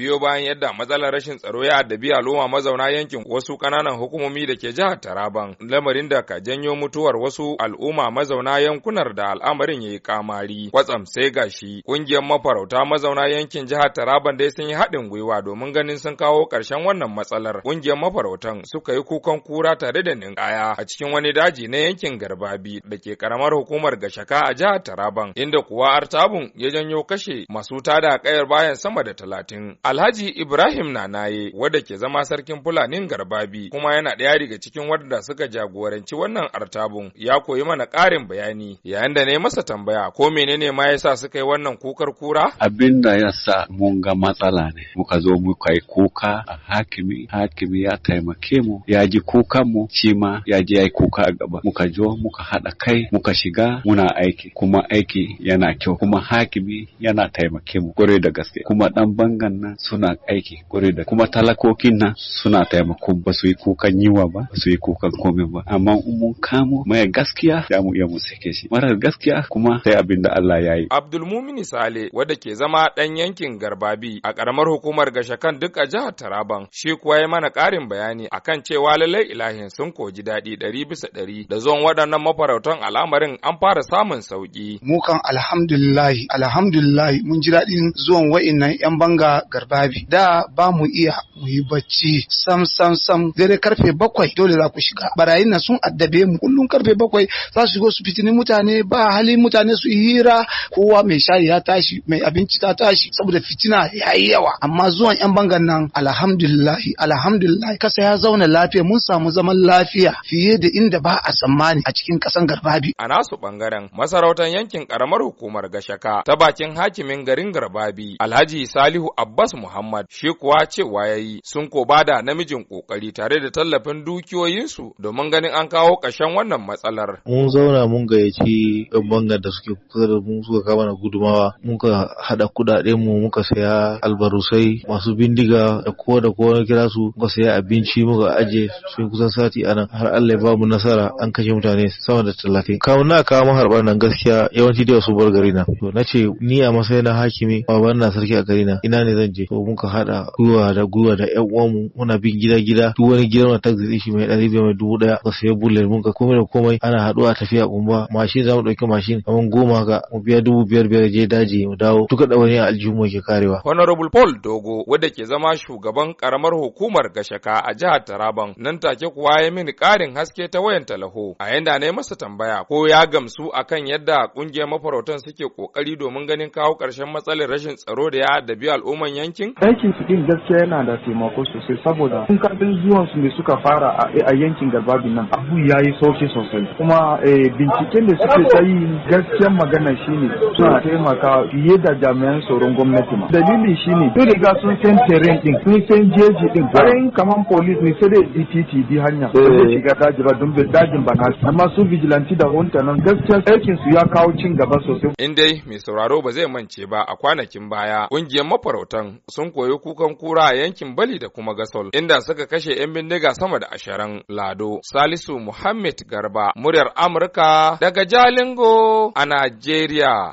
biyo bayan yadda matsalar rashin tsaro ya addabi al'umma mazauna yankin wasu kananan hukumomi da ke jihar Taraban, lamarin da ka janyo mutuwar wasu al'umma mazauna yankunar da al'amarin ya yi kamari. Kwatsam sai gashi ƙungiyar mafarauta mazauna yankin jihar Taraban dai sun yi haɗin gwiwa domin ganin sun kawo ƙarshen wannan matsalar. Ƙungiyar mafarautan suka yi kukan kura tare da ninkaya a cikin wani daji na yankin Garbabi da ke karamar hukumar Gashaka a jihar Taraban, inda kuwa Artabun ya janyo kashe masu tada kayar bayan sama da talatin. Alhaji Ibrahim Nanaye wadda ke zama sarkin Fulanin Garbabi kuma yana ɗaya daga cikin wadda suka jagoranci wannan artabun ya koyi mana ƙarin bayani yayin da ne masa tambaya ko menene ma yasa suka yi wannan kukar kura? Abin da ya sa mun ga matsala ne muka zo muka yi kuka a hakimi hakimi ya taimake mu ya ji kukan mu shi ma ya ji ya yi kuka a gaba muka zo muka haɗa kai muka shiga muna aiki kuma aiki yana kyau kuma hakimi yana taimake mu Kure da gaske kuma ɗan bangan nan suna aiki kore da kuma talakokin nan suna taimako ba su yi kukan yiwa ba ba su yi kukan komai ba amma in mun kamo mai gaskiya za mu iya mu ke shi marar gaskiya kuma sai abin da Allah ya yi. Abdulmumin Sale wanda ke zama ɗan yankin Garbabi a ƙaramar hukumar Gashakan duk a jihar Taraban shi kuwa ya mana ƙarin bayani akan cewa lallai ilahin sun koji daɗi ɗari bisa ɗari da zuwan waɗannan mafarautan al'amarin an fara samun sauƙi. Mu kan alhamdulillahi alhamdulillahi mun ji daɗin zuwan wa'innan 'yan banga garbabi da ba mu iya mu yi bacci sam sam sam dare karfe bakwai dole za ku shiga barayin nan sun addabe mu kullum karfe bakwai za su shigo su fitini mutane ba hali mutane su hira kowa mai shayi ya tashi mai abinci ta tashi saboda fitina ya yi yawa amma zuwan yan bangan nan alhamdulillahi alhamdulillahi kasa ya zauna lafiya mun samu zaman lafiya fiye da inda ba a tsammani a cikin kasan garbabi a nasu bangaren masarautar yankin karamar hukumar gashaka ta bakin hakimin garin garbabi alhaji salihu abbas Ilyasu Muhammad shi kuwa cewa yayi sun ko bada namijin kokari tare da tallafin dukiyoyinsu domin ganin an kawo ƙarshen wannan matsalar. Mun zauna mun gayyaci ɗan bangar da suke kusa da mu suka kama na gudumawa muka haɗa kuɗaɗen mu muka saya albarusai masu bindiga da kowa da kowa na kira su muka saya abinci muka aje sun kusan sati anan har Allah ya ba mu nasara an kashe mutane sama da talatin. Kawo na kawo maharɓar nan gaskiya yawanci da su bar gari na. To na ce ni a matsayin na hakimi baban na sarki a gari na ina ne zan je waje to muka haɗa gwiwa da gwiwa da yan uwanmu muna bin gida gida duk wani gida na taxi shi mai ɗari biyar mai dubu ɗaya ka sayi bullet mun ka komai da komai ana haɗuwa tafiya kumba mashin za mu ɗauki mashin kamar goma ga mu biya dubu biyar biyar je daji mu dawo duka da wani aljihu ke karewa. Honorable Paul Dogo wadda ke zama shugaban karamar hukumar Gashaka a jihar Taraban nan take kuwa ya mini karin haske ta wayan talaho a yanda na yi masa tambaya ko ya gamsu kan yadda ƙungiyar mafarautan suke kokari domin ganin kawo karshen matsalar rashin tsaro da ya addabi al'umman yankin yankin? Aikin su din gaskiya yana da taimako sosai saboda kun kafin zuwan su ne suka fara a yankin garbabin nan abu ya yi sauki sosai kuma eh, binciken da suke ta yi gaskiya magana ne suna taimaka fiye da jami'an tsaron gwamnati ma. Dalili shine sun riga sun san terrain din sun san jeji din bayan kaman police ne sai da DTT bi hanya ba eh. shiga daji ba don dajin ba amma su vigilanti da hunta nan gaskiya aikin su ya kawo cin gaba sosai. In dai mai sauraro ba zai mance ba a kwanakin baya ƙungiyar mafarautan sun koyi kukan kura a yankin Bali da kuma Gasol inda suka kashe 'yan bindiga sama da ashirin Lado. Salisu Muhammad Garba, muryar Amurka daga Jalingo a Najeriya.